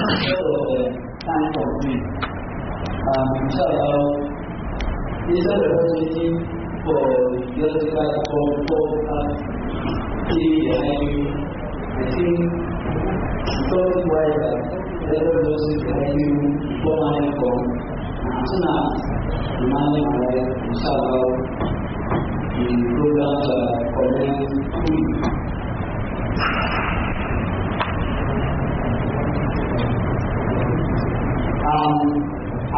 单口剧，啊，比较医生的分析或第二阶段通过啊，第一研究，已经都出来了，这个都是研究不满的工，是呢，不满的工，比较以不要的可能会。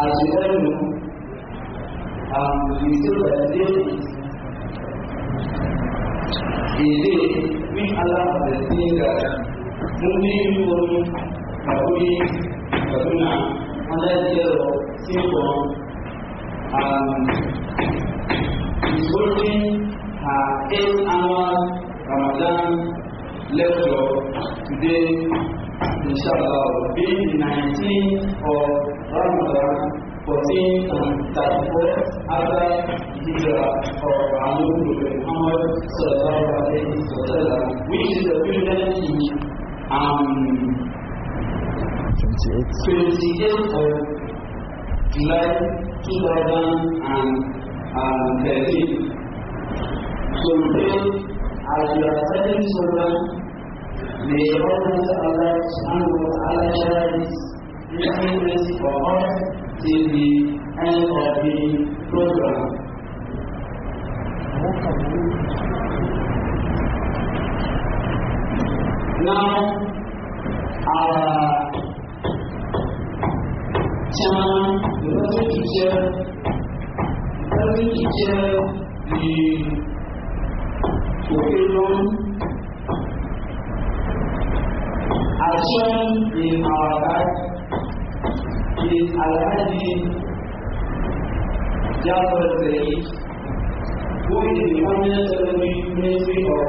àṣìlẹ́yìn àmìlẹ́sẹ̀lẹ́dẹ́ èdè ní aláàbẹ̀sẹ̀ gàdá mú ní ìlú orí àbúrí kaduna aláìjẹ́rọ sí kan is holding her eight annual Ramadan lecture today, inshallah, being the 19th of Ramadan, foreseen and therefore after Hijra of our Muhammad sallallahu which is the equivalent in um, 28th of July 2013. So today, as we are telling this program, may Allah subhanahu wa ta'ala share this Readiness for All till the end of the Now, our chairman, the present teacher, the present teacher, the action in our life shi alhaji jafar zai who is the owner of the Ministry of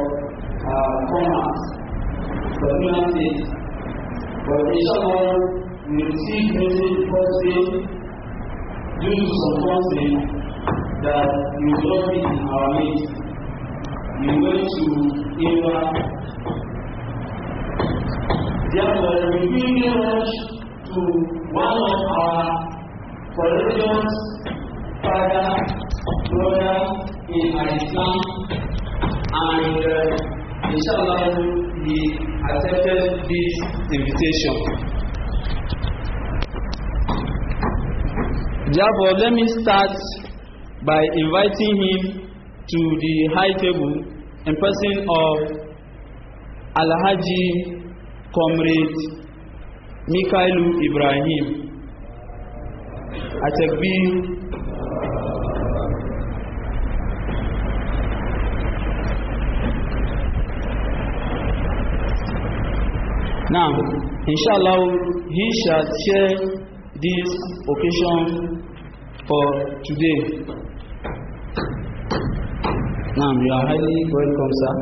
uh, commerce. The for is for the someone we receive message posted due to some that you drop in our midst. We went to Eva. Therefore, we feel rush to one of our religious father, brother in Islam, and uh, inshallah he accepted this invitation. Therefore, let me start by inviting him to the high table in person of Alahaji Comrade Mikailu Ibrahim Àtẹ̀gbìr Now, inshallah, he shall share this occasion for today. Now, you are highly welcome, sir.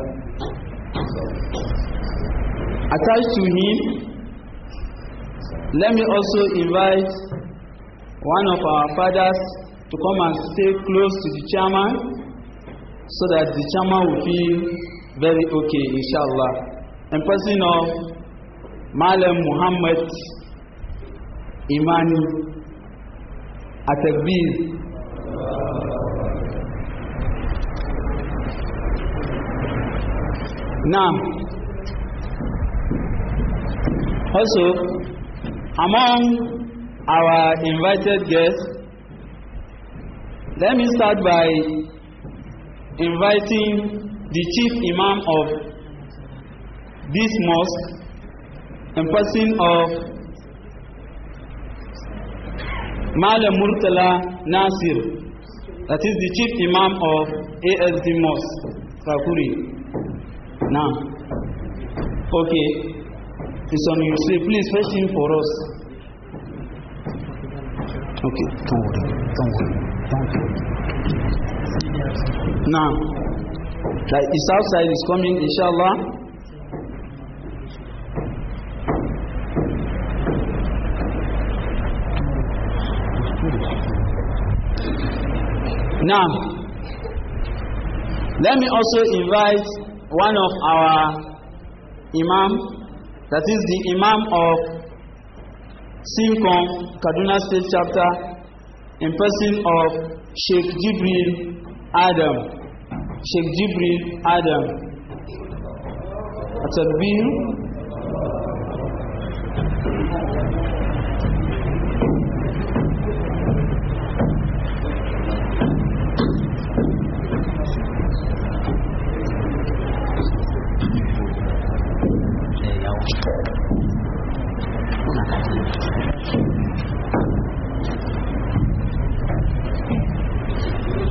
Attached to him Let me also invite one of our fathers to come and stay close to the chairman so that the chairman will feel very okay, inshallah. In person of Malam Muhammad Imani Atakbir. Now, also, Among our invited guests, let me start by inviting the chief imam of this mosque in person of Mala Murtala Nasir, that is the chief imam of ASD Mosque, Sakuri. Now, okay. It's on you. Say, please fetch him for us. Okay, don't worry, don't worry, don't worry. Now, like it's outside, it's coming, inshallah. Now, let me also invite one of our Imam that is the Imam of Sinkon, Kaduna State Chapter, in person of Sheikh Jibril Adam. Sheikh Jibril Adam. At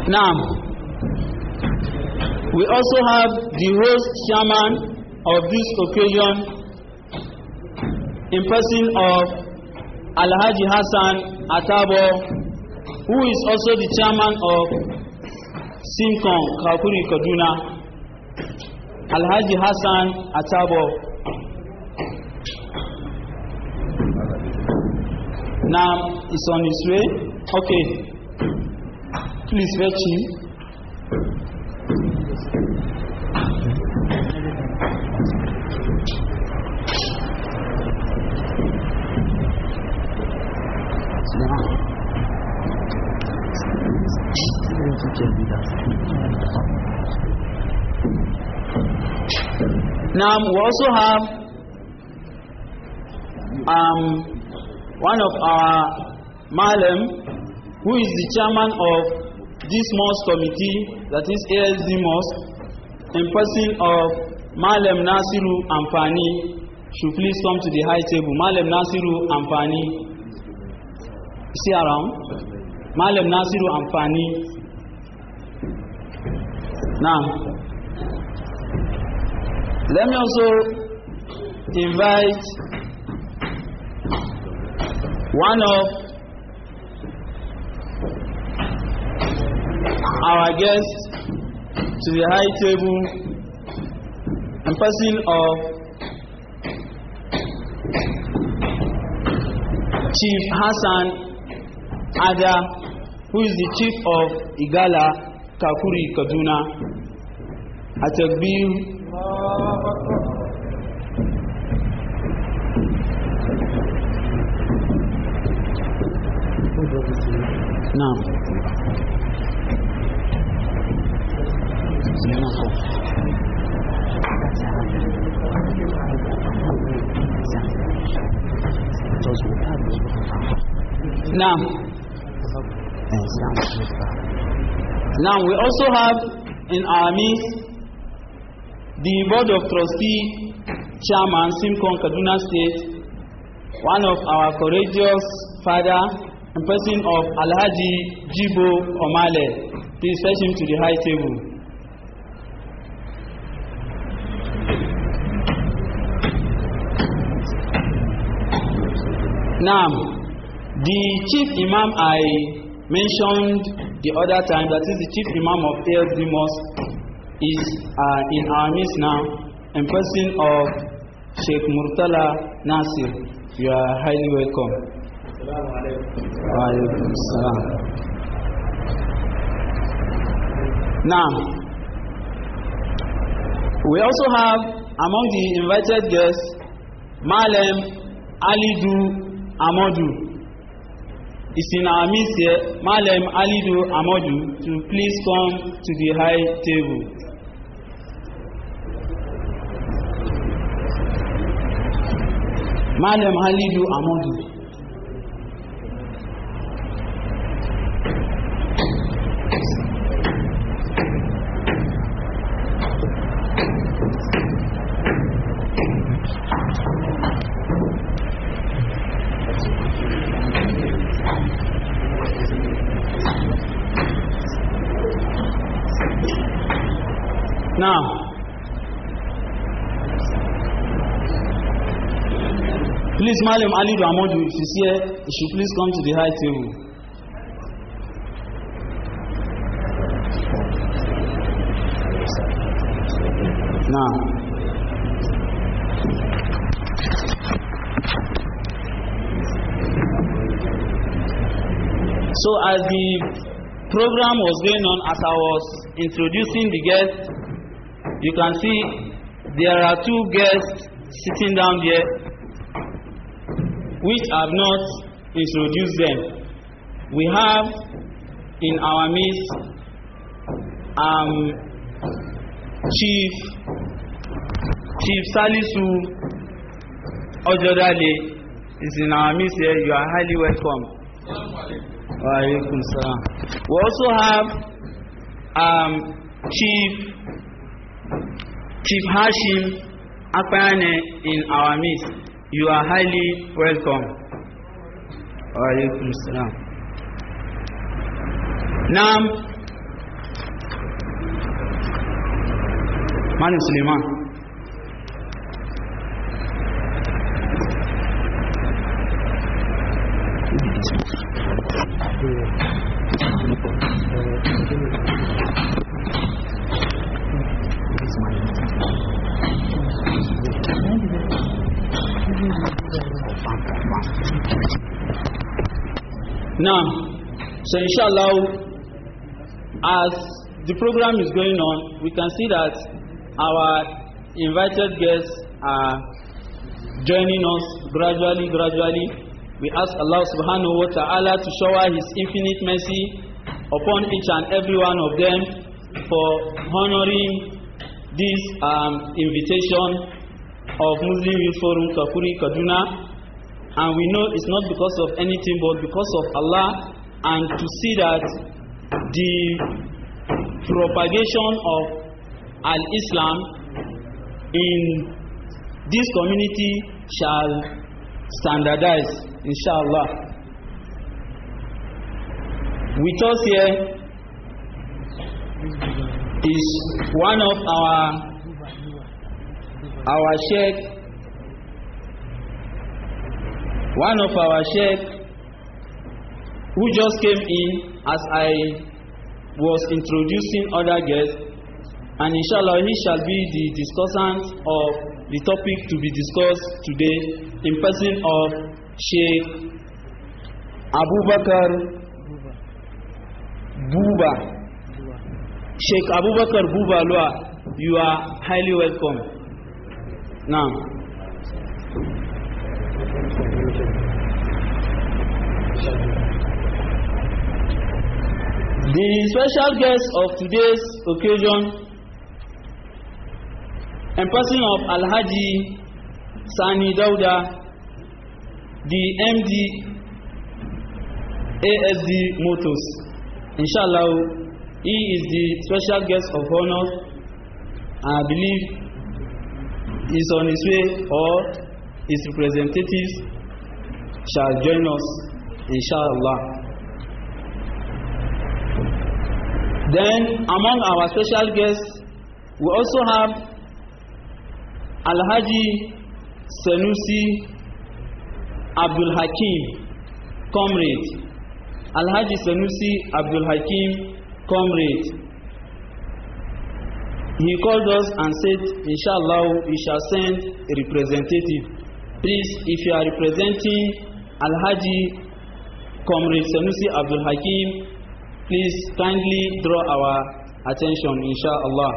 Now, we also have the host chairman of this occasion in person of Alhaji Hassan Atabo, who is also the chairman of Simcon Kakuri Kaduna. Alhaji Hassan Atabo. Now, it's on his way. Okay. Please fetch him. Now we also have um, one of our Malam who is the chairman of this mosque committee, that is ASD Mosque, in person of Malem Nasiru Amfani, should please come to the high table. Malem Nasiru Amfani, see around. Malem Nasiru Amfani. Now, let me also invite one of our guest to the high table in person of Chief Hassan Ada, who is the chief of Igala Kakuri Kaduna, Atakbir. Now. Now, now we also have in our midst the Board of Trustee Chairman Simcon Kaduna State, one of our courageous father, in person of Alhaji Jibo Omale. Please fetch him to the high table. Now, the chief imam I mentioned the other time, that is the chief imam of El Mosque, is uh, in our midst now, in person of Sheikh Murtala Nasir. You are highly welcome. Now, we also have among the invited guests Malem Alidu Amadu is in our midst here. Malem Alidu Amadu to please come to the high table. Malem Alidu Amadu. Now, please, Malam Ali Ramadu, if he's here, you should please come to the high table. Now, so as the program was going on, as I was introducing the guests, you can see there are two guests sitting down there which have not introduced them. We have in our midst um, Chief Chief Salisu Ojodale is in our midst here. You are highly welcome. We also have um, Chief Chief Hashim Akpayane in our midst. You are highly welcome. Alaikum salam. Naam. Mani Suleiman. Thank you. Now, so inshallah, as the program is going on, we can see that our invited guests are joining us gradually, gradually. We ask Allah subhanahu wa ta'ala to shower His infinite mercy upon each and every one of them for honoring this um, invitation of Muslim Youth Forum Kafuri Kaduna And we know it's not because of anything but because of Allah and to see that the propagation of Al Islam in this community shall standardize, inshallah. With us here is one of our our sheikh One of our sheikh who just came in as I was introducing other guests and inshallah he shall be the discussant of the topic to be discussed today in person of Sheikh Abubakar Buba. Sheikh Abubakar Buba Lua, you are highly welcome. Now. The special guest of today's occasion in person of Alhaji Sani Dauda, the MD ASD Motors. Inshallah, he is the special guest of honor. I believe is on his way or his representatives shall join us. Inshallah. Then among our special guests, we also have Alhaji Senusi Abdul Hakim, comrade. Alhaji Senusi Abdul Hakim, comrade. He called us and said, Inshallah, we shall send a representative. Please, if you are representing Alhaji Comrade Senusi Abdul Hakim, Please kindly draw our attention, inshallah.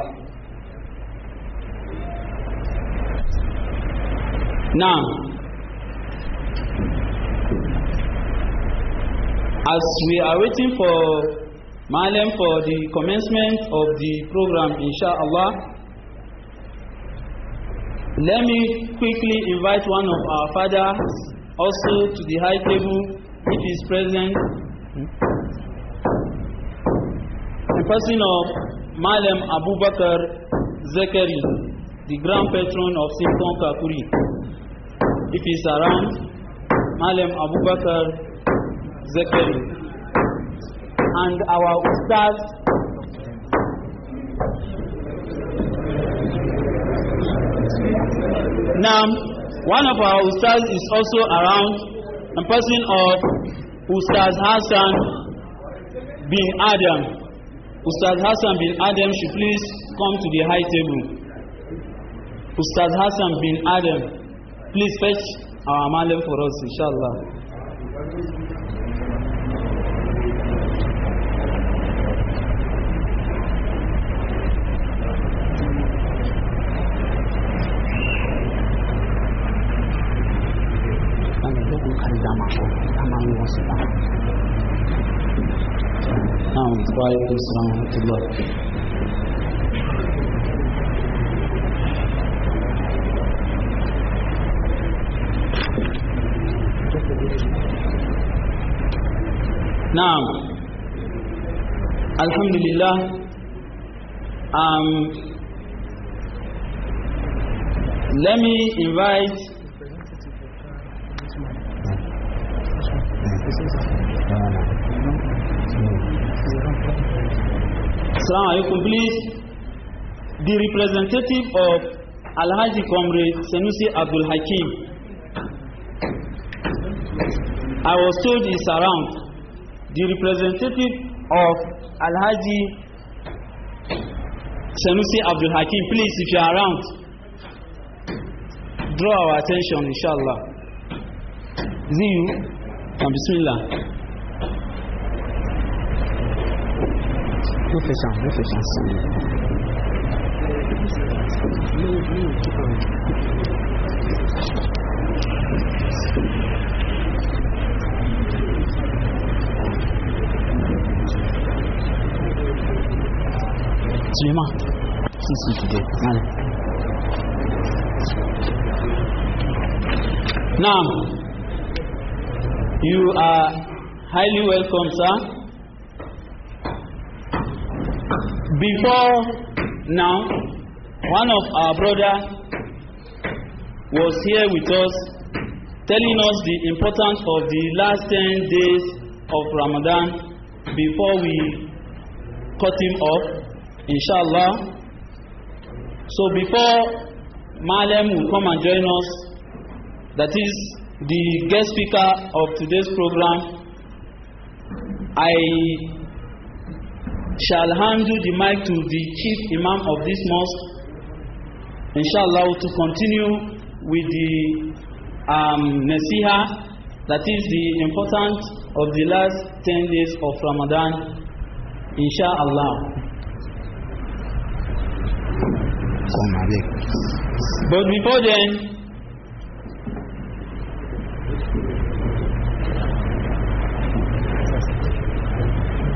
Now, as we are waiting for Malam for the commencement of the program, inshallah, let me quickly invite one of our fathers also to the high table if he is present the person of Malam Abu Zekeri, the grand patron of Silicon Kakuri. If he's around, Malam Abu Bakr Zekeri. And our Ustaz, Now, one of our Ustaz is also around, a person of Ustaz Hassan bin Adam. Ustad Hassan bin Adam should please come to the high table. Ustad Hassan bin Adam, please fetch our malam for us, inshallah. I'm a little carry down my phone. I'm a little نعم وعليكم السلام ورحمة الله نعم الحمد لله um, let me invite Assalamu alaikum. Please, the representative of Alhaji Comrade Senusi Abdul Hakim. I was told he's around. The representative of Alhaji Senusi Abdul Hakim, please, if you're around, draw our attention, inshallah. Is you? Bismillah. réfléchir, réfléchir. Tu es mort Si, si, tu es. Allez. Now, you are highly welcome, sir. Before now, one of our brothers was here with us telling us the importance of the last 10 days of Ramadan before we cut him off, inshallah. So before Malem will come and join us, that is the guest speaker of today's program, I shall hand you the mic to the chief imam of this mosque, inshallah, to continue with the um, nasiha, that is the importance of the last 10 days of Ramadan, inshallah. But before then,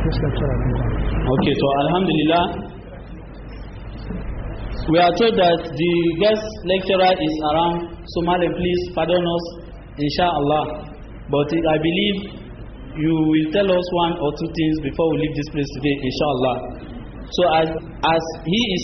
just Okay, so Alhamdulillah, we are told that the guest lecturer is around. So, Madam, please pardon us, inshallah. But I believe you will tell us one or two things before we leave this place today, inshallah. So, as, as he is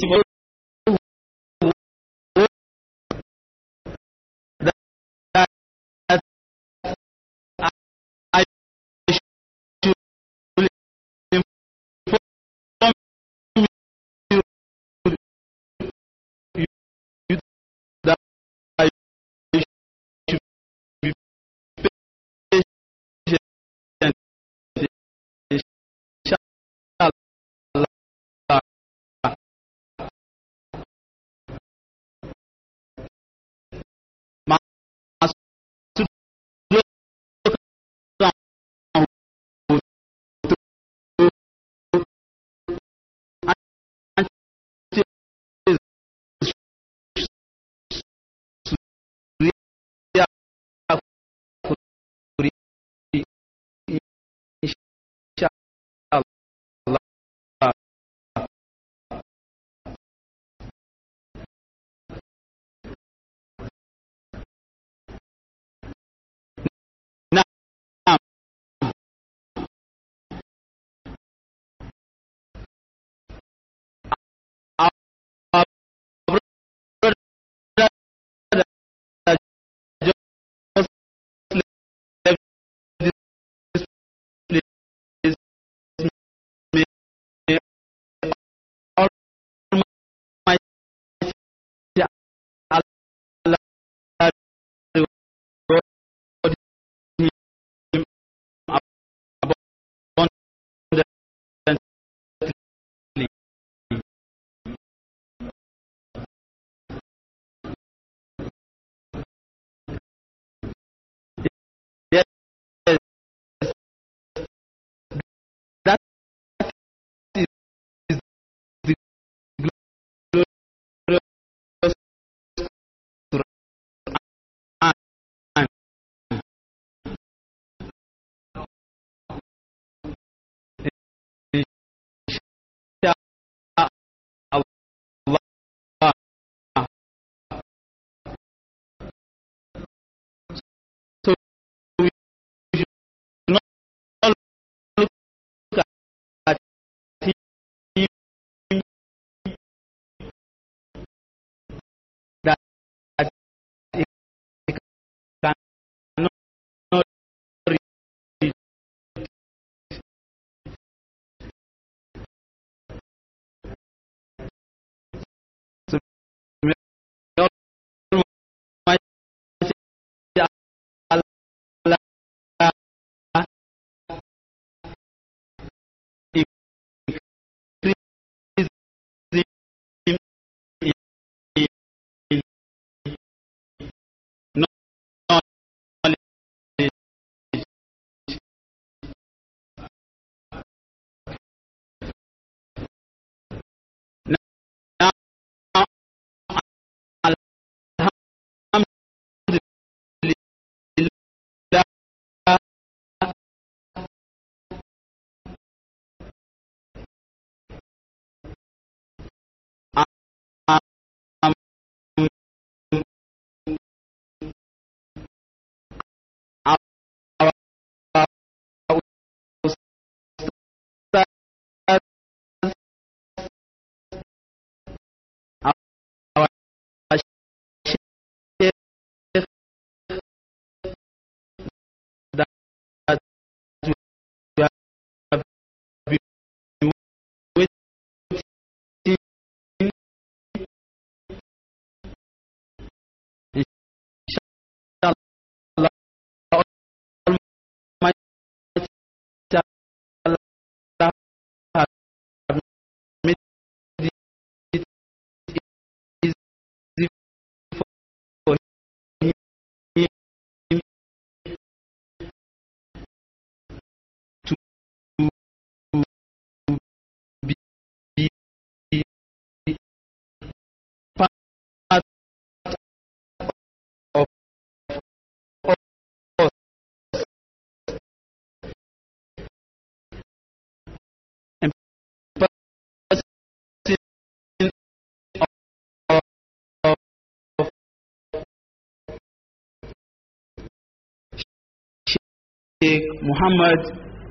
Sheikh Muhammad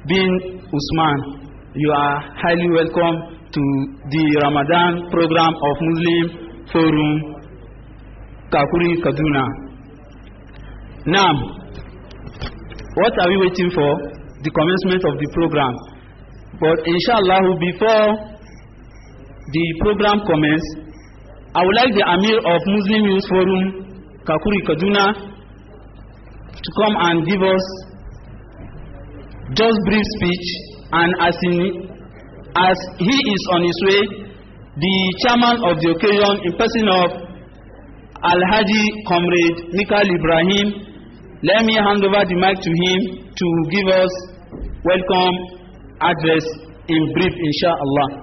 bin Usman. You are highly welcome to the Ramadan program of Muslim Forum Kakuri Kaduna. Now, what are we waiting for? The commencement of the program. But inshallah, before the program commences, I would like the Amir of Muslim Youth Forum Kakuri Kaduna to come and give us just brief speech, and as, in, as he is on his way, the chairman of the occasion, in person of al Haji Comrade Mikhail Ibrahim, let me hand over the mic to him to give us welcome address in brief, inshallah.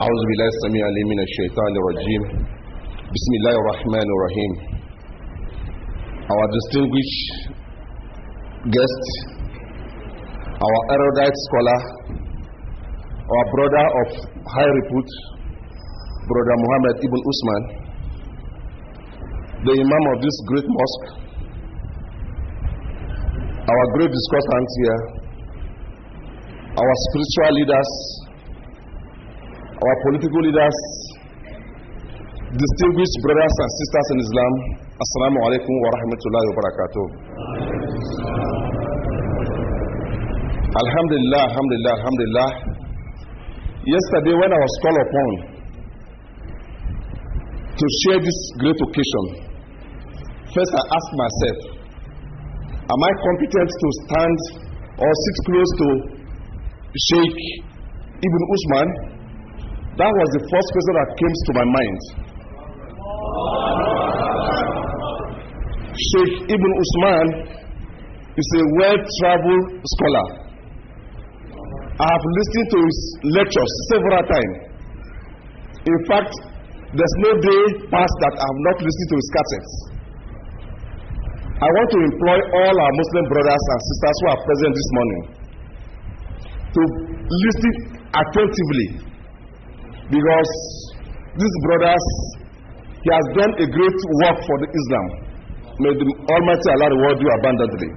أعوذ بالله السميع العليم من الشيطان الرجيم Bismillah rahim Our distinguished guest, our erudite scholar, our brother of high repute, Brother Muhammad Ibn Usman, the Imam of this great mosque, our great discussants here, our spiritual leaders, our political leaders, Distinguished brothers and sisters in Islam, Assalamu alaikum wa rahmatullahi wa barakatuh. Alhamdulillah, alhamdulillah, alhamdulillah. Yesterday, when I was called upon to share this great occasion, first I asked myself, Am I competent to stand or sit close to Sheikh Ibn Usman? That was the first question that came to my mind. Sheikh Ibn Usman is a well-traveled scholar. I have listened to his lectures several times. In fact, there's no day past that I have not listened to his cassettes. I want to employ all our Muslim brothers and sisters who are present this morning to listen attentively because these brothers he has done a great work for the Islam May the Almighty Allah reward you abundantly.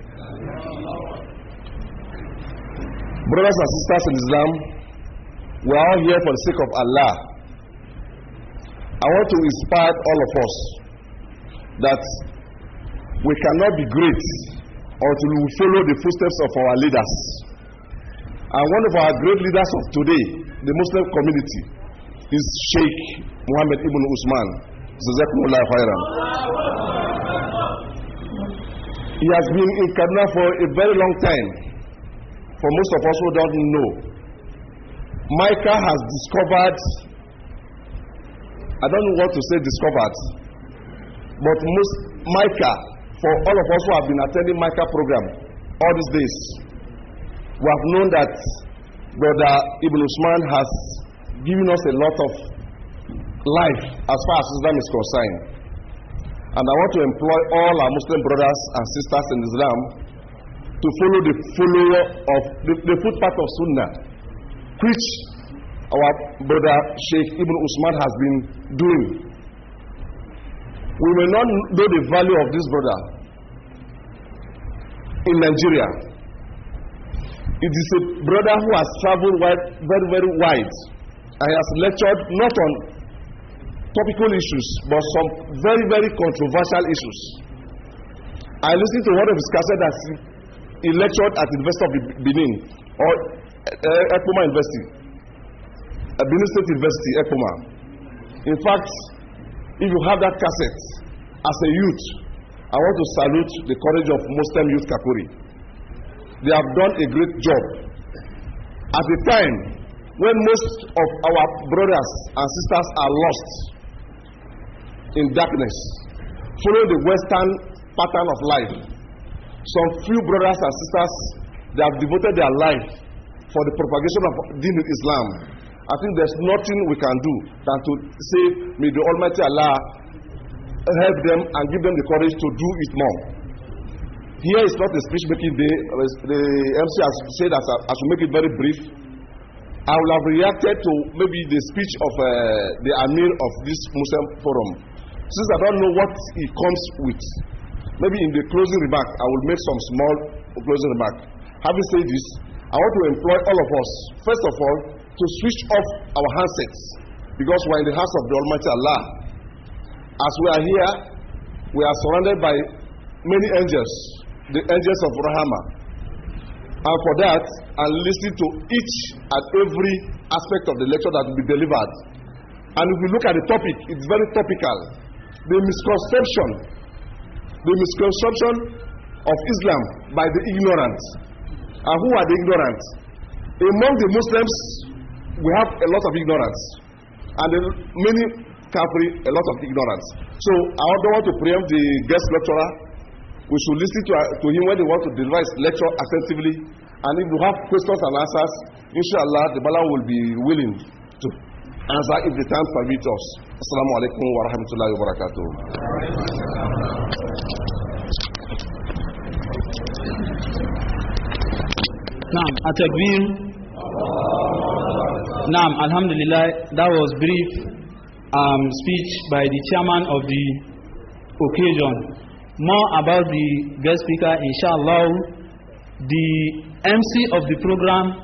Brothers and sisters in Islam, we are all here for the sake of Allah. I want to inspire all of us that we cannot be great until we follow the footsteps of our leaders. And one of our great leaders of today, the Muslim community, is Sheikh Muhammad Ibn Usman. Jazakumullah khairan. He has been in Kaduna for a very long time. For most of us who don't know, Micah has discovered, I don't know what to say, discovered, but most Micah, for all of us who have been attending Micah program all these days, we have known that Brother Ibn Usman has given us a lot of life as far as Islam is concerned. And I want to employ all our Muslim brothers and sisters in Islam to follow the follower of the, the footpath of Sunnah, which our brother Sheikh Ibn Usman has been doing. We may not know the value of this brother in Nigeria. It is a brother who has traveled wide, very, very wide and has lectured not on topical issues but some very very controversial issues i listened to one of his cassettes, as he lectured at the university of benin or uh, ekpoma university uh, benin state university ekpoma in fact if you have that cassette as a youth i want to salute the courage of muslim youth kakuri they have done a great job at a time when most of our brothers and sisters are lost in darkness follow the western pattern of life some few brothers and sisters they have devoted their life for the propagation of deen in islam i think there's nothing we can do than to say may the almighty allah help them and give them the courage to do it more here is not a speech making day the mc has said that i, should make it very brief i will have reacted to maybe the speech of uh, the amir of this muslim forum Since I don't know what it comes with, maybe in the closing remark, I will make some small closing remark. Having said this, I want to employ all of us, first of all, to switch off our handsets because we are in the house of the Almighty Allah. As we are here, we are surrounded by many angels, the angels of Rahama. And for that, and listen to each and every aspect of the lecture that will be delivered. And if we look at the topic, it's very topical the misconception the misconception of Islam by the ignorant and who are the ignorant among the Muslims we have a lot of ignorance and many Kafri a lot of ignorance so I don't want to preempt the guest lecturer we should lis ten to, uh, to him when he want to deliver his lecture attentively and if you have questions and answers inshallah the bala will be willing answer if the time permits us. Assalamu alaikum wa rahmatullahi wa barakatuh. Naam, Naam, Alhamdulillah. That was brief um, speech by the chairman of the occasion. More about the guest speaker, inshallah. The MC of the program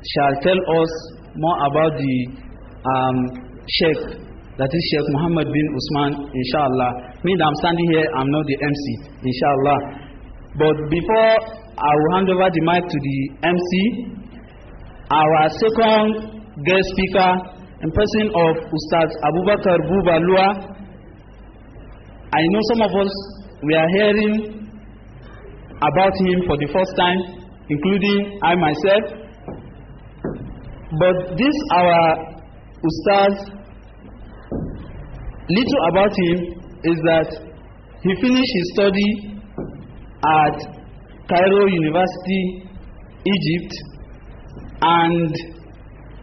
shall tell us more about the um, Sheikh, that is Sheikh Muhammad bin Usman, inshallah. Me, I'm standing here, I'm not the MC, inshallah. But before I will hand over the mic to the MC, our second guest speaker, in person of Ustaz Abubakar Bubalua. I know some of us, we are hearing about him for the first time, including I myself. But this our Ustaz, little about him is that he finished his study at Cairo University, Egypt, and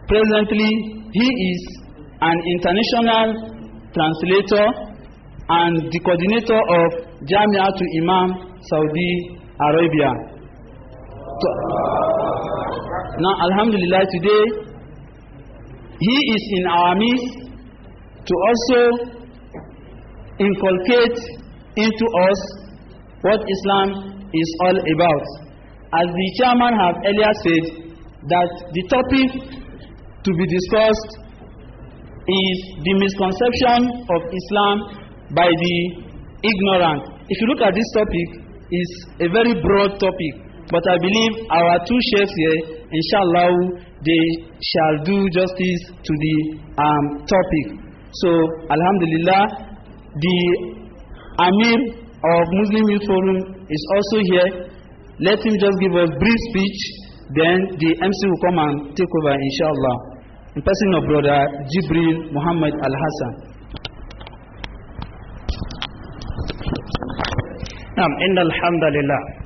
presently he is an international translator and the coordinator of Jamia to Imam Saudi Arabia. So, now, Alhamdulillah, today He is in our midst to also inculcate into us what Islam is all about. As the chairman have earlier said, that the topic to be discussed is the misconception of Islam by the ignorant. If you look at this topic, it's a very broad topic, but I believe our two chefs here inshallah, they shall do justice to the um, topic. So, alhamdulillah, the Amir of Muslim Youth Forum is also here. Let him just give a brief speech, then the MC will come and take over, inshallah. In person of brother Jibril Muhammad Al-Hassan. Nam, إن Alhamdulillah.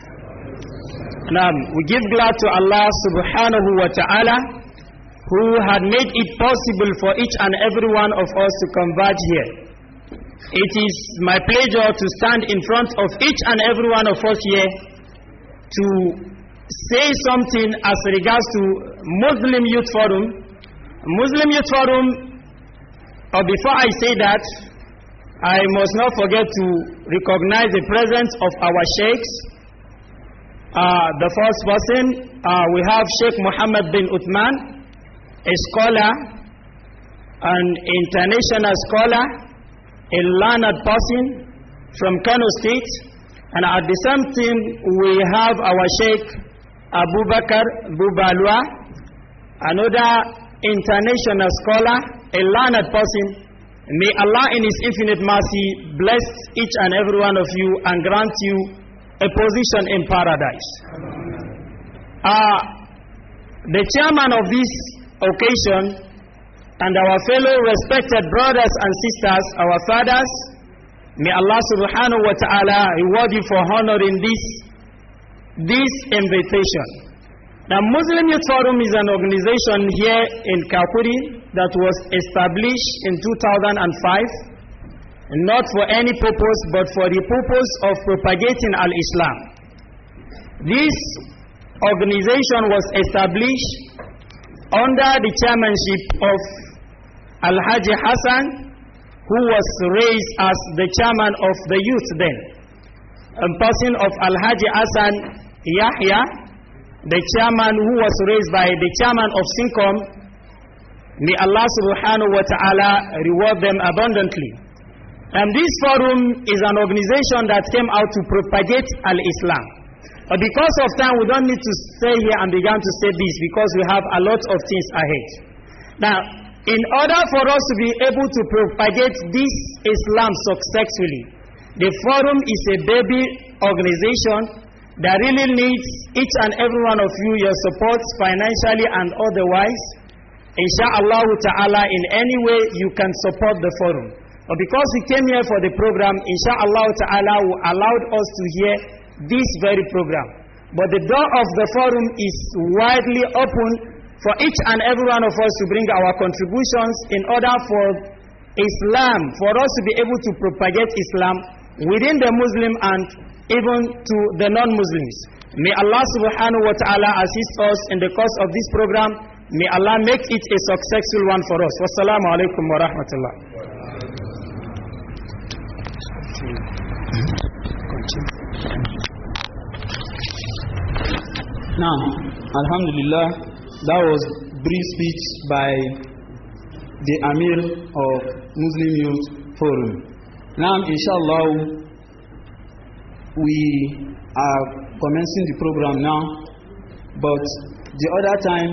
Now, we give glad to Allah subhanahu wa ta'ala who had made it possible for each and every one of us to converge here. It is my pleasure to stand in front of each and every one of us here to say something as regards to Muslim Youth Forum. Muslim Youth Forum, or before I say that, I must not forget to recognize the presence of our sheikhs, uh, the first person, uh, we have Sheikh Muhammad bin Uthman, a scholar, an international scholar, a learned person from Kano State. And at the same time, we have our Sheikh Abu Bakr Bubalwa, another international scholar, a learned person. May Allah in His infinite mercy bless each and every one of you and grant you a position in paradise. Uh, the chairman of this occasion and our fellow respected brothers and sisters, our fathers, may Allah subhanahu wa ta'ala reward you for honoring this, this invitation. The Muslim Youth Forum is an organization here in Kapuri that was established in 2005 not for any purpose but for the purpose of propagating al-Islam. This organization was established under the chairmanship of Al-Haji Hassan, who was raised as the chairman of the youth then. A person of Al-Haji Hassan Yahya, the chairman who was raised by the chairman of Sincom. may Allah subhanahu wa ta'ala reward them abundantly. And this forum is an organization that came out to propagate Al-Islam. But because of time, we don't need to stay here and begin to say this because we have a lot of things ahead. Now, in order for us to be able to propagate this Islam successfully, the forum is a baby organization that really needs each and every one of you your support financially and otherwise. Insha'Allah ta'ala, in any way you can support the forum. But because we came here for the program, inshallah ta'ala allowed us to hear this very program. But the door of the forum is widely open for each and every one of us to bring our contributions in order for Islam, for us to be able to propagate Islam within the Muslim and even to the non-Muslims. May Allah subhanahu wa ta'ala assist us in the course of this program. May Allah make it a successful one for us. Wassalamu alaikum wa rahmatullah. Now, Alhamdulillah, that was brief speech by the Amir of Muslim Youth Forum. Now, inshallah, we are commencing the program now, but the other time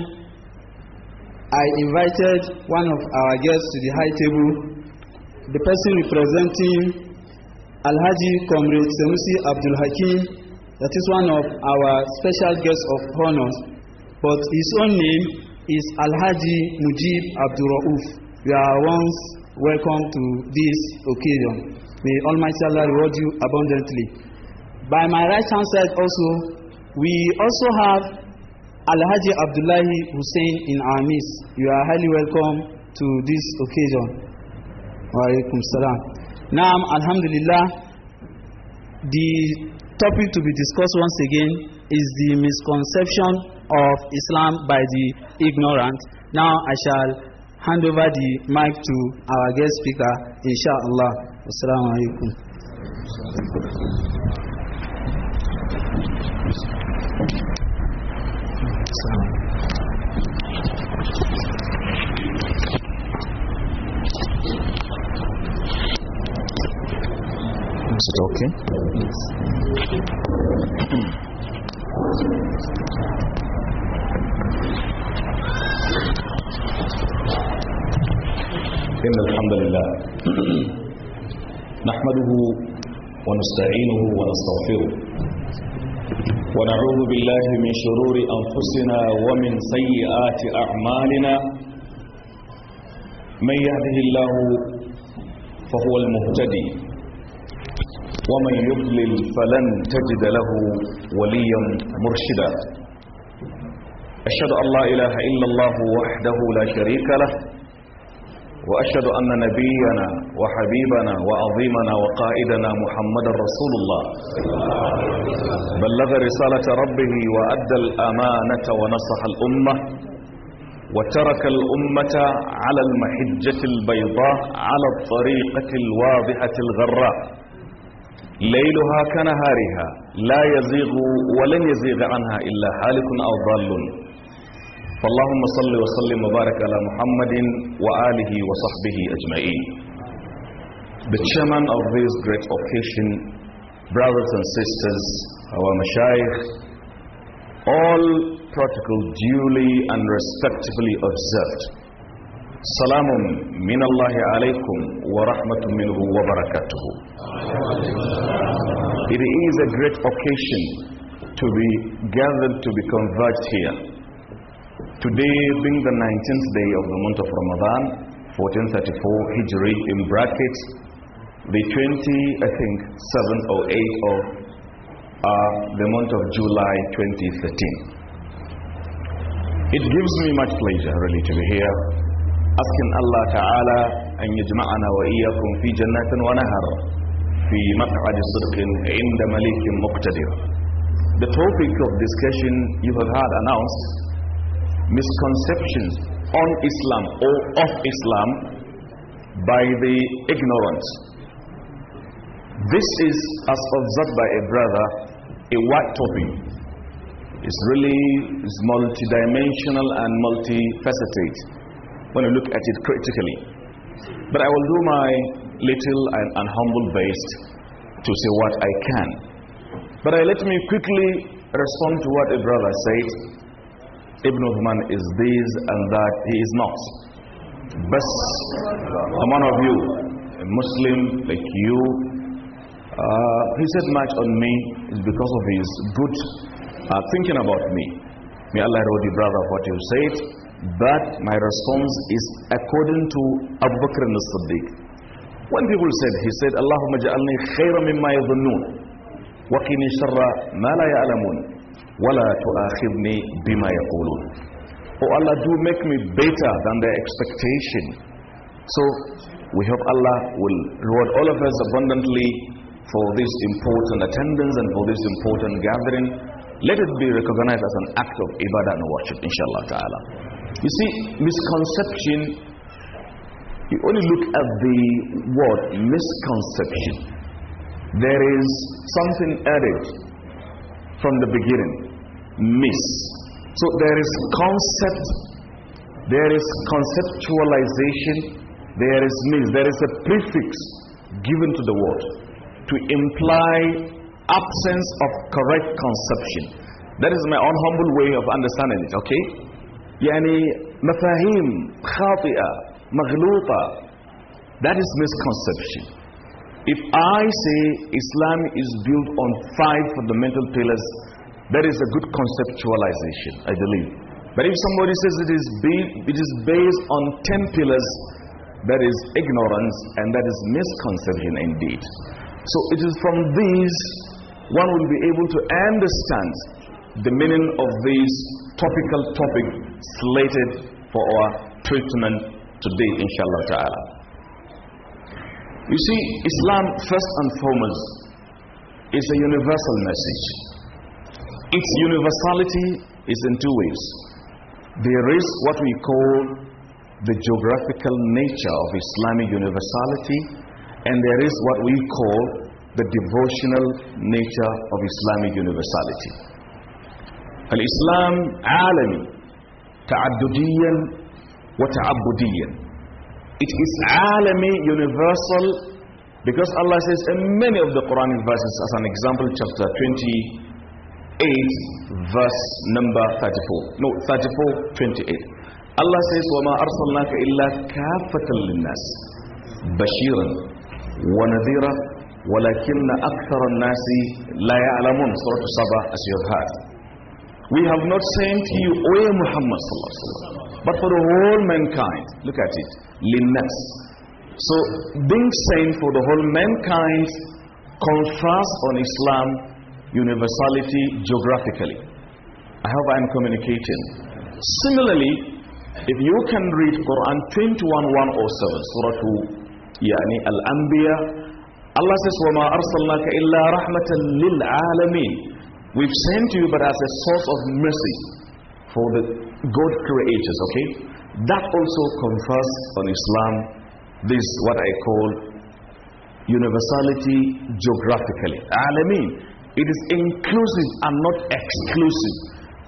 I invited one of our guests to the high table, the person representing Alhaji Comrade Senusi Abdul that is one of our special guests of honor, but his own name is Alhaji Mujib Abdulrauf. Rauf. You are once welcome to this occasion. May Almighty Allah reward you abundantly. By my right hand side also, we also have Alhaji Abdullahi Hussein in our midst. You are highly welcome to this occasion. Wa alaikum salam. Now, Alhamdulillah, the topic to be discussed once again is the misconception of Islam by the ignorant. Now I shall hand over the mic to our guest speaker, inshallah. Assalamu alaikum. Assalamu Is it okay? إن الحمد لله نحمده ونستعينه ونستغفره ونعوذ بالله من شرور أنفسنا ومن سيئات أعمالنا من يهده الله فهو المهتدي ومن يضلل فلن تجد له وليا مرشدا أشهد أن لا إله إلا الله وحده لا شريك له وأشهد أن نبينا وحبيبنا وعظيمنا وقائدنا محمد رسول الله بلغ رسالة ربه وأدى الأمانة ونصح الأمة وترك الأمة على المحجة البيضاء على الطريقة الواضحة الغراء ليلها كنهارها لا يزيغ ولن يزيغ عنها إلا هالك أو ضال فاللهم صل وسلم وبارك على محمد وآله وصحبه أجمعين The chairman of this great occasion, brothers and sisters, our mashayikh, all protocol duly and respectfully observed. سلام من الله عليكم ورحمة منه وبركاته It is a great occasion to be gathered, to be converged here. Today being the 19th day of the month of Ramadan, 1434 Hijri in brackets, the 20, I think, 7th or 8th of uh, the month of July 2013. It gives me much pleasure really to be here asking Allah Ta'ala The topic of discussion you have had announced misconceptions on Islam or of Islam by the ignorant. This is, as observed by a brother, a wide topic. It's really it's multidimensional and multifaceted when I look at it critically. But I will do my little and, and humble best to say what I can. But I let me quickly respond to what a brother said. Ibn Uthman is this and that, he is not. But I'm one of you, a Muslim like you. Uh, he said much on me is because of his good uh, thinking about me. May Allah reward you, brother, for what you said. But my response is according to Abu Bakr al siddiq When people said, he said, Allahumma ja'alni khayra mimma yadhunnun wa qini sharra ma la ya'lamun wa la tu'akhidni bima yaqulun. Oh Allah, do make me better than their expectation. So we hope Allah will reward all of us abundantly for this important attendance and for this important gathering. Let it be recognized as an act of ibadah and worship, inshallah ta'ala. You see, misconception, you only look at the word misconception. There is something added from the beginning. Miss. So there is concept, there is conceptualization, there is miss. There is a prefix given to the word to imply absence of correct conception. That is my own humble way of understanding it, okay? يعني مفاهيم خاطئة مغلوطة That is misconception. If I say Islam is built on five fundamental pillars, that is a good conceptualization, I believe. But if somebody says it is, it is based on ten pillars, that is ignorance and that is misconception indeed. So it is from these one will be able to understand the meaning of this topical topic slated for our treatment today, inshallah ta'ala. You see, Islam, first and foremost, is a universal message. Its universality is in two ways. There is what we call the geographical nature of Islamic universality, and there is what we call the devotional nature of Islamic universality. فالإسلام عالمي تعدديا وتعبديا It is عالمي universal because Allah says in many of the Quranic verses as an example chapter 28 verse number 34 no 34 28 Allah says وَمَا أَرْسَلْنَاكَ إِلَّا كَافَةً لِلنَّاسِ بَشِيرًا وَنَذِيرًا ولكن أكثر الناس لا يعلمون سورة الصبا as you have heard We have not sent you, O Muhammad, but for the whole mankind. Look at it. Linnas. So, being sent for the whole mankind contrasts on Islam universality geographically. I hope I am communicating. Similarly, if you can read Quran 21 107, Surah 2, Al الأنبياء Allah says وَمَا أَرْسَلْنَاكَ إِلَّا رَحْمَةً لِلْعَالَمِينَ We've sent you, but as a source of mercy for the God creators, okay? That also confers on Islam this, what I call universality geographically. Alameen. It is inclusive and not exclusive.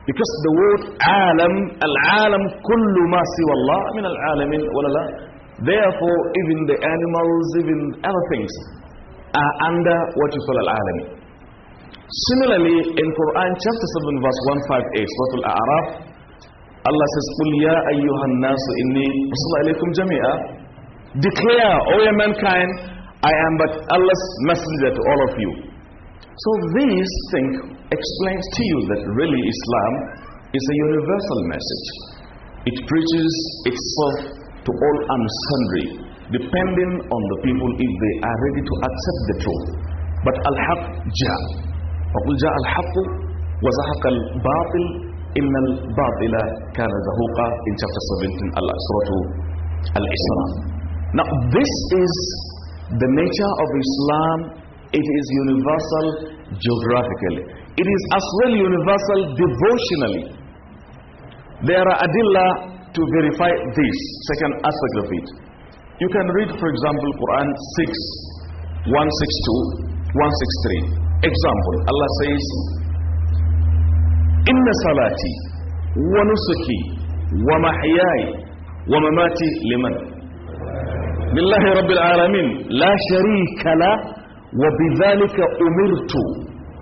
Because the word alam, al-alam kullu ma siwa Allah mean al-alamin walala. Therefore, even the animals, even other things are under what you call al-alamin. Similarly, in Quran chapter 7 verse 158, Surah Al-A'raf, Allah says, قُلْ يَا أَيُّهَا النَّاسُ إِنِّي إِلَيْكُمْ جَمِيعًا Declare, O ye mankind, I am but Allah's messenger to all of you. So this thing explains to you that really Islam is a universal message. It preaches itself to all and sundry, depending on the people if they are ready to accept the truth. But al-haq jah جاء الحق وزهق الباطل إن الباطل كان زهوقا in chapter 17 now this is the nature of Islam it is universal geographically it is as well universal devotionally there are adilla to verify this second aspect of it you can read for example Quran 6 162 163. Example Allah says, Inna salati wa nusuki wa mahyai wa mamati liman. Lillahi Rabbil Alamin, la sharika la wa bidhalika umirtu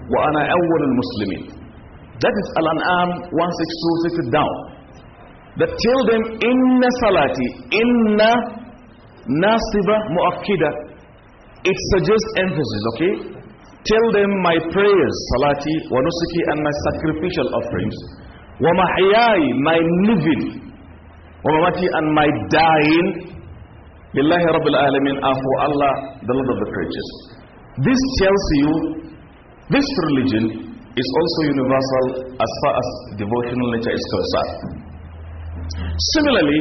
wa ana awwal muslimin. That is Al-An'am 162, 60 down. That tell them, Inna salati, Inna nasiba mu'akkida it suggests emphasis, okay? Tell them my prayers, salati, wa nusuki, and my sacrificial offerings, wa mahiyai, my living, wa mamati, and my dying, lillahi rabbil alamin, are Allah, the Lord of the creatures. This tells you this religion is also universal as far as devotional nature is concerned. Similarly,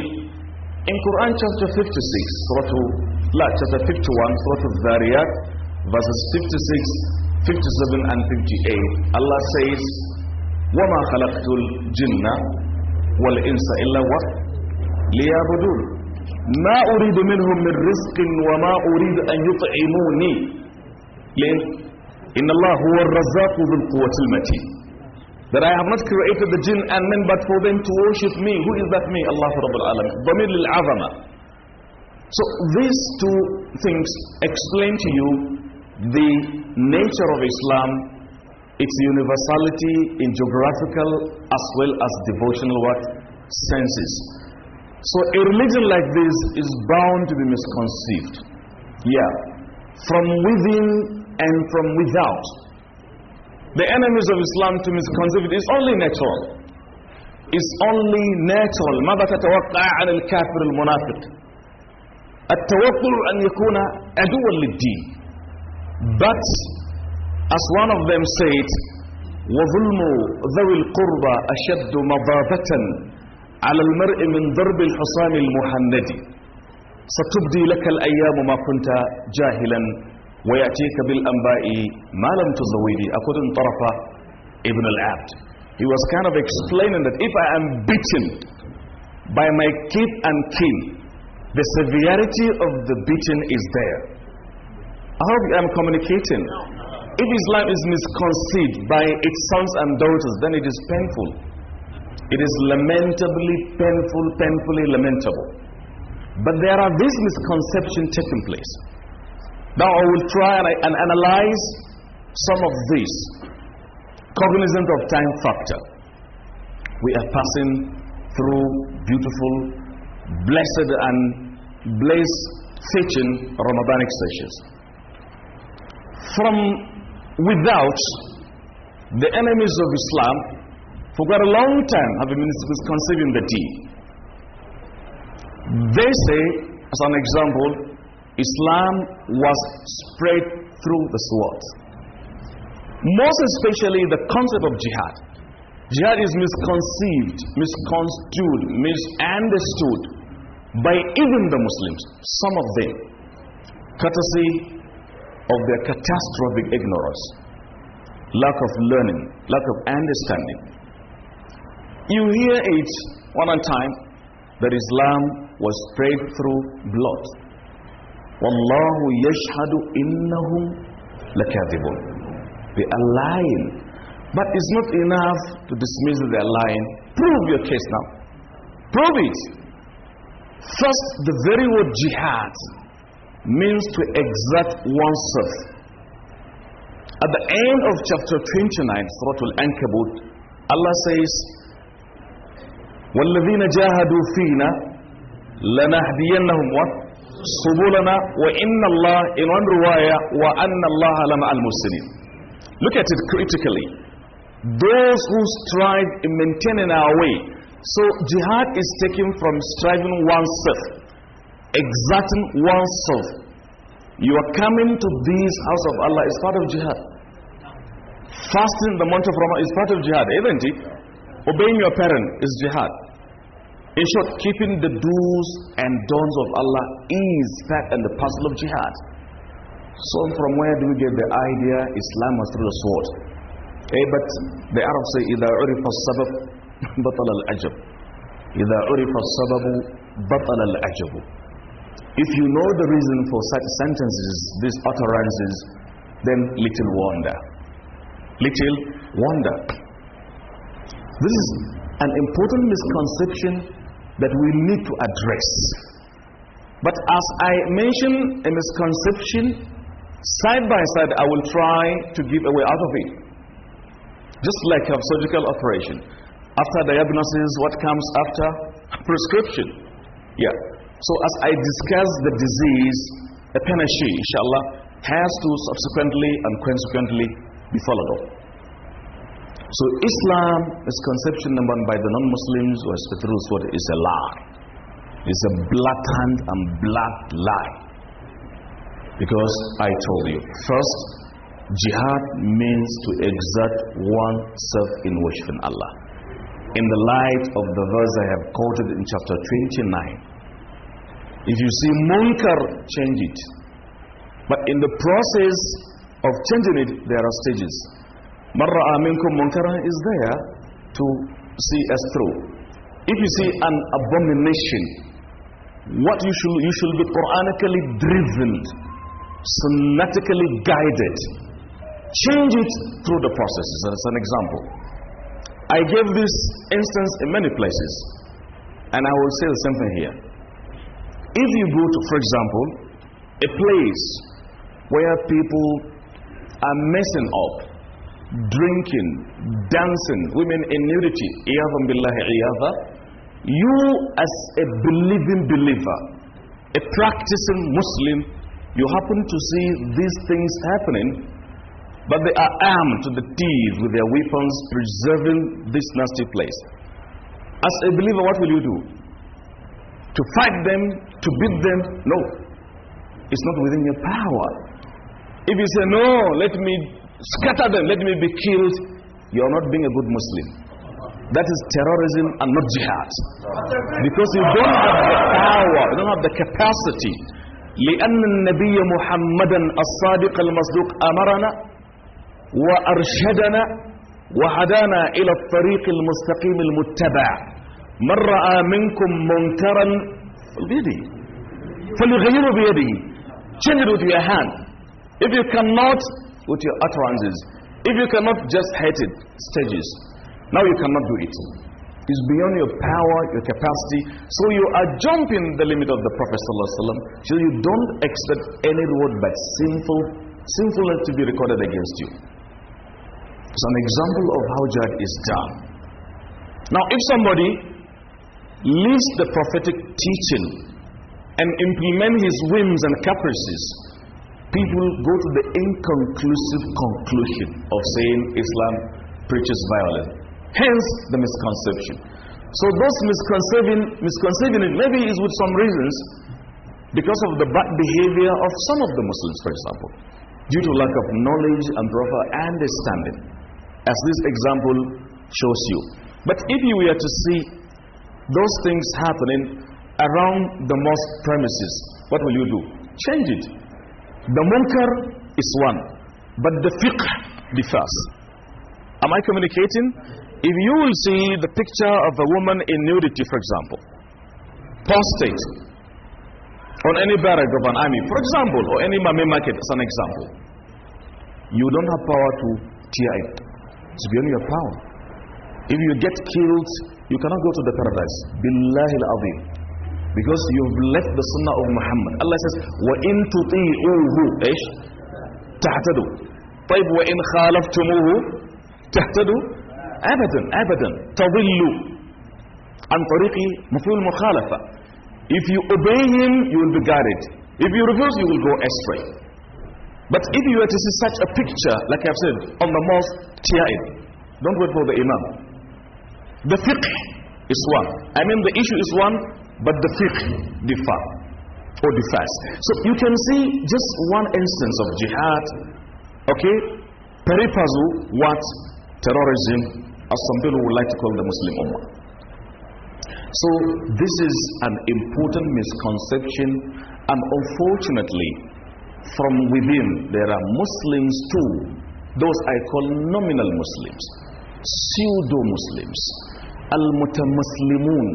in Quran chapter 56, Surah La, chapter 51, Surah of dhariyat verses 56, 57, and 58. Allah says, وَمَا خَلَقْتُ الْجِنَّ وَالْإِنسَ إِلَّا وَقْتٍ لِيَابُدُونَ ما أريد منهم من رزق وما أريد أن يطعموني لأن إن الله هو الرزاق ذو القوة المتين that I have not created the jinn and men but for them to worship me who is that me Allah Rabbul Alamin ضمير للعظمة so these two things explain to you the nature of Islam, its universality in geographical as well as devotional what? senses. So a religion like this is bound to be misconceived. Yeah. From within and from without. The enemies of Islam to misconceive it is only natural. It's only natural. عن الكافر المنافق؟ التوكل أن يكون عدوا للدين but as one of them said وظلم ذوي القربى أشد مضابة على المرء من ضرب الحصان المحند ستبدي لك الأيام ما كنت جاهلا ويأتيك بالأنباء ما لم تزويدي أكد طرف ابن العبد He was kind of explaining that if I am beaten by my kith and kin The severity of the beating is there. I hope I'm communicating. If Islam is misconceived by its sons and daughters, then it is painful. It is lamentably painful, painfully lamentable. But there are these misconceptions taking place. Now I will try and, and analyze some of these. Cognizant of time factor. We are passing through beautiful blessed and blessed teaching Ramadanic sessions. From without, the enemies of Islam, for quite a long time, have been misconceiving the deen. They say, as an example, Islam was spread through the sword. Most especially the concept of jihad. Jihad is misconceived, misconstrued, misunderstood by even the Muslims, some of them, courtesy of their catastrophic ignorance, lack of learning, lack of understanding. You hear it one time that Islam was spread through blood. Wallahu yashhadu innahum lakadibun. They are lying. But it's not enough to dismiss their lying. Prove your case now. Prove it. First, the very word jihad means to exert oneself. At the end of chapter 29, Surah Al Ankabut, Allah says, وَالَّذِينَ جَاهَدُوا فِينَا لَنَهْدِيَنَّهُمْ what? وَإِنَّ اللَّهَ in one riwayah وَأَنَّ اللَّهَ لَمَا الْمُسْلِمِينَ Look at it critically. Those who strive in maintaining our way, so jihad is taken from striving oneself, exerting oneself. You are coming to this house of Allah is part of jihad. Fasting the month of Ramadan is part of jihad, isn't it? Obeying your parent is jihad. In short, keeping the do's and don'ts of Allah is part and the parcel of jihad. So from where do we get the idea Islam was through the sword? Hey, eh, but the Arabs say, إِذَا عُرِفَ السَّبَبُ بطل الأجب إذا عرف السبب بطل If you know the reason for such sentences, these utterances, then little wonder. Little wonder. This is an important misconception that we need to address. But as I mention a misconception, side by side I will try to give a way out of it. Just like a surgical operation. After diagnosis, what comes after? Prescription. Yeah. So as I discuss the disease, a panacea, inshallah, has to subsequently and consequently be followed up. So Islam is conception number one by the non-Muslims was the truth what is a lie. It's a blatant and black lie. Because I told you, first, jihad means to exert oneself in worshiping Allah in the light of the verse I have quoted in chapter 29. If you see munkar, change it. But in the process of changing it, there are stages. Marra aminkum munkara is there to see us through. If you see an abomination, what you should, you should be Quranically driven, sunnatically guided. Change it through the process. That's an example. I gave this instance in many places, and I will say the same thing here. If you go to, for example, a place where people are messing up, drinking, dancing, women in nudity, you as a believing believer, a practicing Muslim, you happen to see these things happening but they are armed to the teeth with their weapons, preserving this nasty place. As a believer, what will you do? To fight them, to beat them? No. It's not within your power. If you say, No, let me scatter them, let me be killed, you are not being a good Muslim. That is terrorism and not jihad. Because you don't have the power, you don't have the capacity. لأن النبي محمدا الصادق المصدوق أمرنا وأرشدنا وهدانا إلى الطريق المستقيم المتبع من رأى منكم منكرا بيده فليغيره بيده change it with your hand if you cannot with your utterances if you cannot just hate it stages now you cannot do it it's beyond your power your capacity so you are jumping the limit of the prophet sallallahu so you don't expect any reward but sinful sinfulness to be recorded against you it's an example of how jihad is done. Now, if somebody leaves the prophetic teaching and implement his whims and caprices, people go to the inconclusive conclusion of saying Islam preaches violence. Hence the misconception. So those misconceiving, misconceiving it maybe is with some reasons because of the bad behavior of some of the Muslims, for example, due to lack of knowledge and proper understanding as this example shows you. But if you were to see those things happening around the mosque premises, what will you do? Change it. The munkar is one, but the fiqh differs. Am I communicating? If you will see the picture of a woman in nudity, for example, it on any barrack of an army, for example, or any mummy market as an example, you don't have power to tear it It's beyond your power. If you get killed, you cannot go to the paradise. Billahi al-Azim. Because you've left the sunnah of Muhammad. Allah says, وَإِن تُطِيعُوهُ إيش؟ تَحْتَدُوا طيب وَإِن خَالَفْتُمُوهُ تَحْتَدُوا أبدا أبدا تضلوا عن طريق مفهوم المخالفة If you obey him, you will be guided. If you refuse, you will go astray. But if you were to see such a picture, like I've said, on the mosque, tear it. Don't wait for the imam. The fiqh is one. I mean, the issue is one, but the fiqh differ or differs. So you can see just one instance of jihad, okay, peripazu what terrorism, as some people would like to call the Muslim Ummah. So this is an important misconception, and unfortunately, from within there are Muslims too. Those I call nominal Muslims, pseudo Muslims, al mutamuslimun,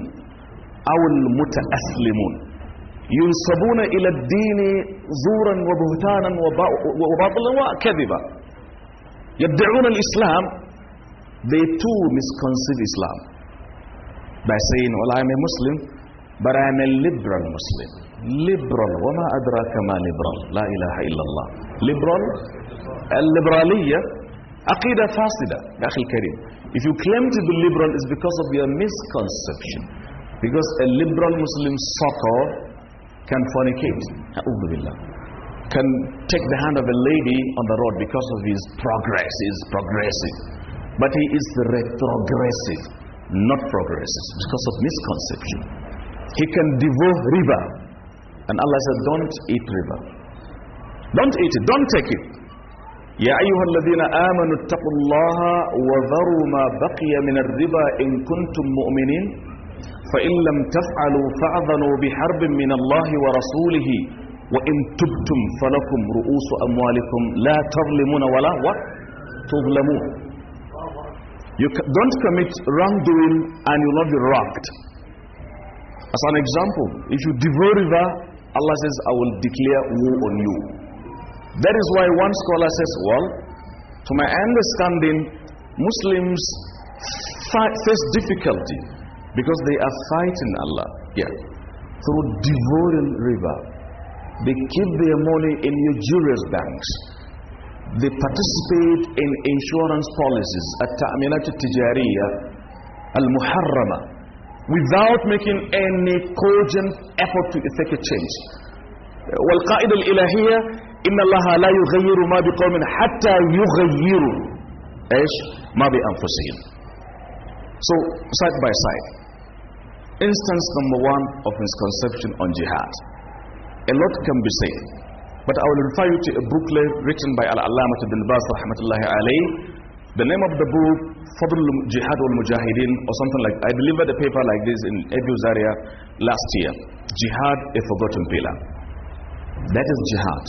aw al mutaaslimun. ينسبون إلى الدين زورا وبهتانا وباطلا وكذبا يدعون الإسلام they too misconceive Islam by saying well I'm a Muslim but I'm a liberal Muslim liberal وما أدراك ما liberal لا إله إلا الله liberal الليبرالية عقيدة فاسدة يا أخي الكريم if you claim to be liberal it's because of your misconception because a liberal Muslim sucker can fornicate أعوذ بالله can take the hand of a lady on the road because of his progress he is progressive but he is retrogressive not progressive because of misconception he can divorce river and Allah said, don't eat riba. Don't eat it. Don't take it. يا أيها الذين آمنوا اتقوا الله وذروا ما بقي من الربا إن كنتم مؤمنين فإن لم تفعلوا فأذنوا بحرب من الله ورسوله وإن تبتم فلكم رؤوس أموالكم لا تظلمون ولا تظلمون You don't commit wrongdoing and you'll not be wronged. As an example, if you devour riba, Allah says, I will declare war on you. That is why one scholar says, Well, to my understanding, Muslims face difficulty because they are fighting Allah. Yeah. Through devouring river. They keep their money in usurious banks. They participate in insurance policies, at-ta'minat al al-muharramah, without making any cogent effort to effect a change. والقائد الإلهية إن الله لا يغير ما بقوم حتى يغيروا إيش ما بأنفسهم So side by side Instance number one of misconception on jihad A lot can be said But I will refer you to a booklet written by al Allama ibn Baz rahmatullahi alayh The name of the book Fadl Jihad al Mujahideen or something like I delivered a paper like this in Abu Zaria last year. Jihad, a forgotten pillar. That is jihad.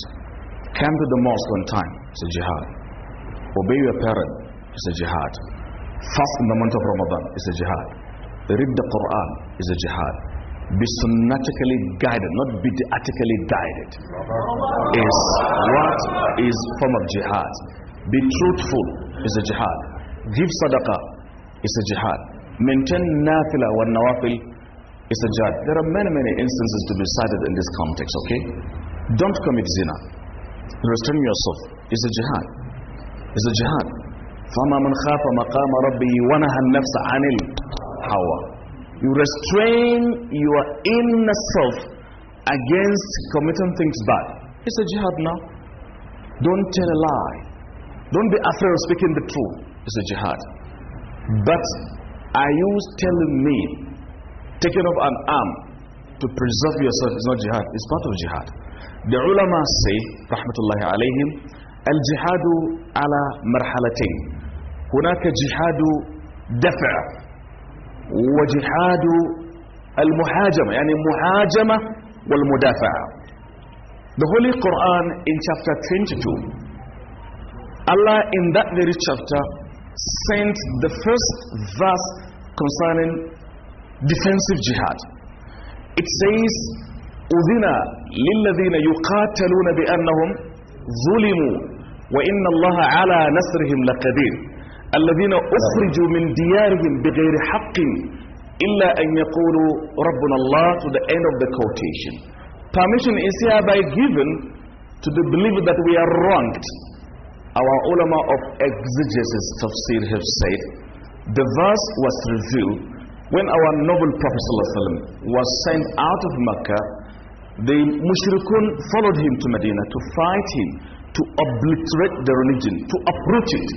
Come to the mosque on time. It's a jihad. Obey your parent. It's a jihad. Fast in the month of Ramadan. It's a jihad. Read the Quran. It's a jihad. Be sunnatically guided, not bid'atically guided. Is what is form of jihad. Be truthful is a jihad. Give sadaqah is a jihad. Maintain nafila wa nawafil is a jihad. There are many, many instances to be cited in this context, okay? Don't commit zina. Restrain yourself. is a jihad. It's a jihad. فَمَا مَنْ خَافَ مَقَامَ رَبِّهِ وَنَهَا النَّفْسَ عَنِ الْحَوَى You restrain your inner self against committing things bad. It's a jihad now. Don't tell a lie. Don't be afraid of speaking the truth. It's a jihad. But are you telling me taking up an arm to preserve yourself is not jihad? It's part of jihad. The ulama say, rahmatullahi alayhim, الجهاد على مرحلتين هناك جهاد دفع وجهاد المهاجمة يعني المهاجمة والمدافعة The Holy Quran in chapter 22 Allah in that very chapter sent the first verse concerning defensive jihad. It says, أذن للذين يقاتلون بأنهم ظلموا وإن الله على نصرهم لقدير الذين أخرجوا من ديارهم بغير حق إلا أن يقولوا ربنا الله to the end of the quotation. Permission is hereby given to the believer that we are wronged our ulama of exegesis tafsir have said the verse was revealed when our noble Prophet was sent out of Mecca. The mushrikun followed him to Medina to fight him, to obliterate the religion, to uproot it.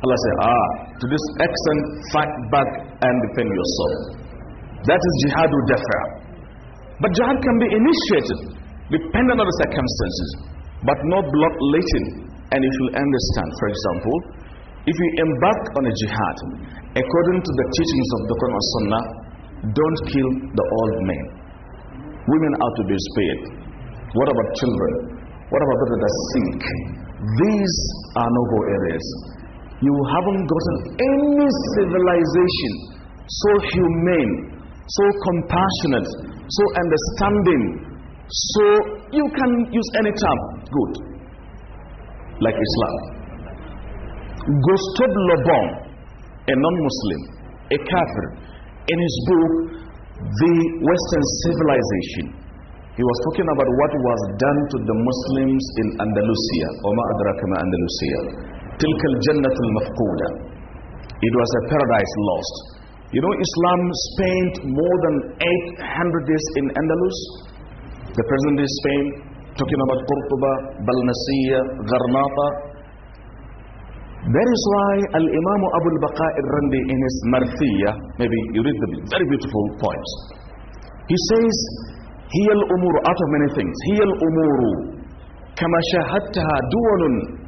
Allah said, Ah, to this extent, fight back and defend yourself. That is jihadu dafa. But jihad can be initiated depending on the circumstances, but not bloodletting and if you understand, for example, if you embark on a jihad according to the teachings of the Quran and Sunnah, don't kill the old men. Women are to be spared. What about children? What about those that are sick? These are no go areas. You haven't gotten any civilization so humane, so compassionate, so understanding, so you can use any term. Good like Islam. Gustave Le Bon, a non Muslim, a kafir, in his book, The Western Civilization, he was talking about what was done to the Muslims in Andalusia, Oma Adrakama Andalusia. tilkal jannat al-Mafquda. It was a paradise lost. You know, Islam spent more than 800 years in Andalus. The present day Spain, talking about Qurtuba, Balnasiya, Garnata. That is why Al-Imam Abu al-Baqa al-Randi in his Marthiyya, maybe you read the very beautiful poems. He says, al-umuru out of many things هي umuru كما شاهدتها Duolun,